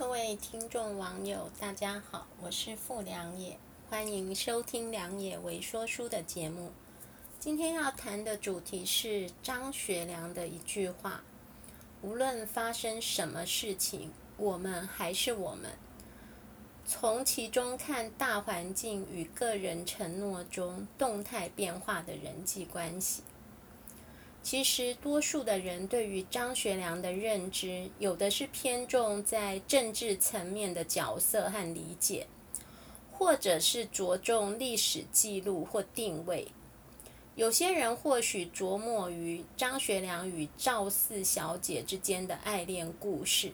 各位聽眾網友，大家好，我是傅良也，歡迎收聽良也微說書的節目。今天要談的主題是張學良的一句話：“無論發生什麼事情，我們還是我們。”從其中看大環境與個人承諾中動態變化的人際關係。其實，多數的人對於張學良的認知，有的是偏重在政治層面的角色和理解，或者是着重歷史記錄或定位。有些人或許著墨於張學良與趙四小姐之間的愛戀故事，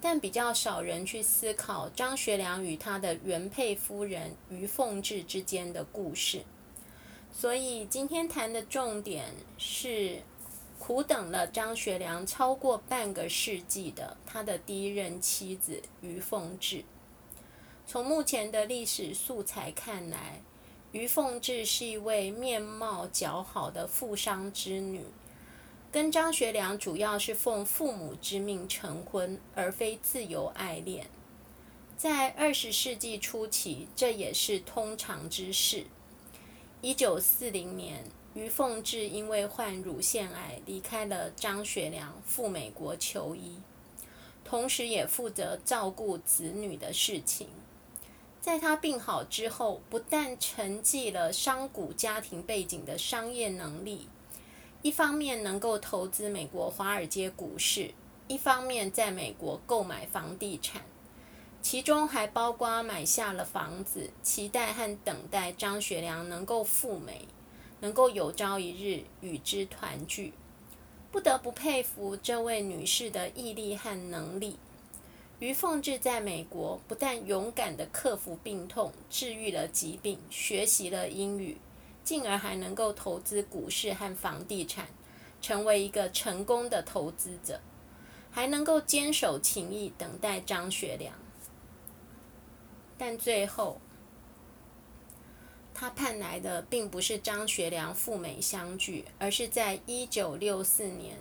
但比較少人去思考張學良與他的元配夫人於鳳至之間的故事。所以今天談的重點是，苦等了張學良超過半個世紀的他的第一任妻子於鳳至。從目前的歷史素材看來，於鳳至是一位面貌姣好的富商之女，跟張學良主要是奉父母之命成婚，而非自由愛戀。在二十世紀初期，這也是通常之事。一九四零年，於鳳至因為患乳腺癌，離開了張學良赴美國求醫，同時也負責照顧子女的事情。在她病好之後，不但承繼了商賈家庭背景的商業能力，一方面能夠投資美國華爾街股市，一方面在美國購買房地產。其中還包括買下了房子，期待和等待張學良能夠赴美，能夠有朝一日與之團聚。不得不佩服這位女士的毅力和能力。於鳳至在美國不但勇敢地克服病痛，治癒了疾病，學習了英語，進而還能夠投資股市和房地產，成為一個成功的投資者，還能夠堅守情誼，等待張學良。但最後，他盼來的並不是張學良赴美相聚，而是在一九六四年，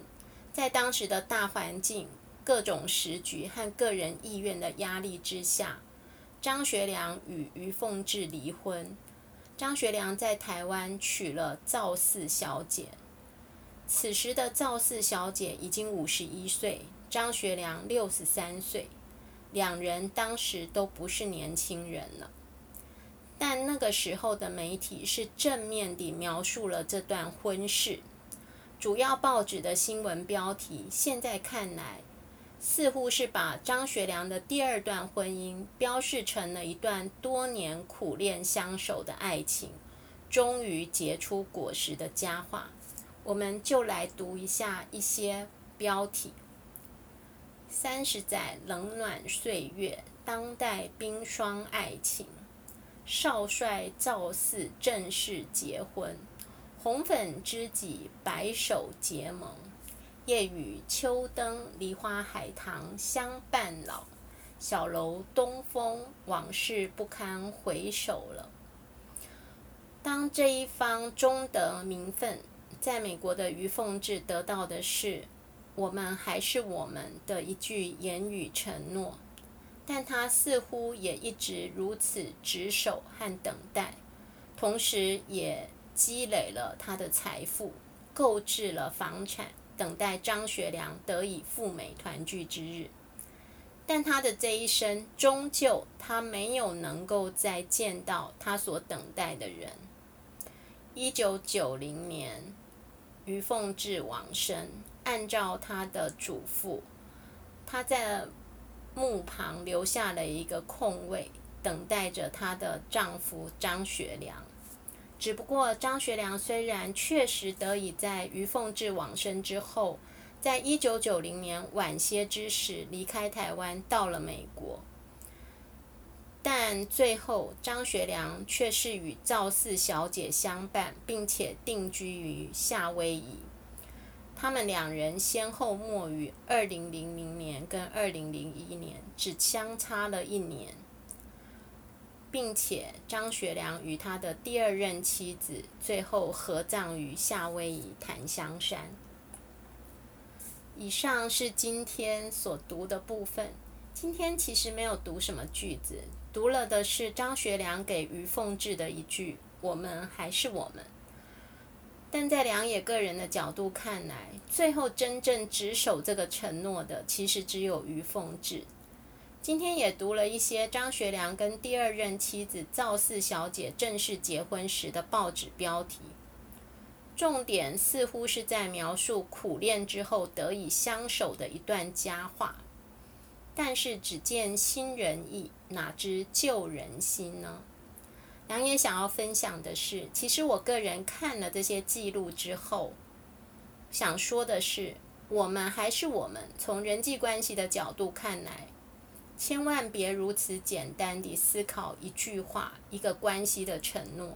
在當時的大環境、各種時局和個人意願的壓力之下，張學良與於鳳至離婚。張學良在台灣娶了趙四小姐，此時的趙四小姐已經五十一歲，張學良六十三歲。兩人當時都不是年輕人了，但那個時候的媒體是正面地描述了這段婚事。主要報紙的新聞標題，現在看來，似乎是把張學良的第二段婚姻標示成了一段多年苦戀相守的愛情，終於結出果實的佳話。我們就來讀一下一些標題。三十載冷暖歲月，當代冰霜愛情。少帥趙四正式結婚，紅粉知己白首結盟。夜雨秋燈，梨花海棠相伴老。小樓東風，往事不堪回首了。當這一方終得名份，在美國的於鳳至得到的是我們還是我們的一句言語承諾，但他似乎也一直如此執守和等待，同時也積累了他的財富，購置了房產，等待張學良得以赴美團聚之日。但他的這一生，終究他沒有能夠再見到他所等待的人。一九九零年，於鳳至往生。按照他的囑咐，他在墓旁留下了一個空位，等待着他的丈夫張學良。只不過，張學良雖然確實得以在於鳳至往生之後，在一九九零年晚些之時離開台灣，到了美國，但最後張學良卻是與趙四小姐相伴，並且定居於夏威夷。他們兩人先後歿於二零零零年跟二零零一年，只相差了一年，並且張學良與他的第二任妻子最後合葬於夏威夷檀香山。以上是今天所讀的部分。今天其實沒有讀什麼句子，讀了的是張學良給於鳳至的一句：“我們還是我們。”但在良也個人的角度看來，最後真正執守這個承諾的，其實只有於鳳至。今天也讀了一些張學良跟第二任妻子趙四小姐正式結婚時的報紙標題，重點似乎是在描述苦戀之後得以相守的一段佳話。但是只見新人意，哪知舊人心呢？良也想要分享的是，其實我個人看了這些記錄之後，想說的是，我們還是我們。從人際關係的角度看來，千萬別如此簡單地思考一句話、一個關係的承諾，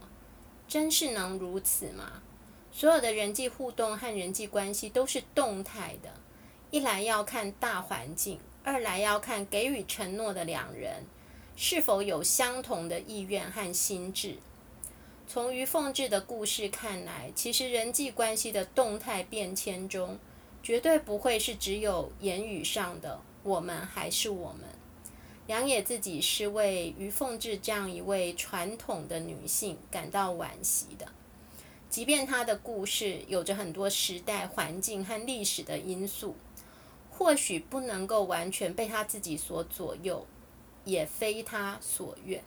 真是能如此嗎？所有的人際互動和人際關係都是動態的，一來要看大環境，二來要看給予承諾的兩人。是否有相同的意願和心智？從於鳳至的故事看來，其實人際關係的動態變遷中，絕對不會是只有言語上的“我們還是我們”。良也自己是為於鳳至這樣一位傳統的女性感到惋惜的，即便她的故事有着很多時代環境和歷史的因素，或許不能夠完全被她自己所左右。也非她所願。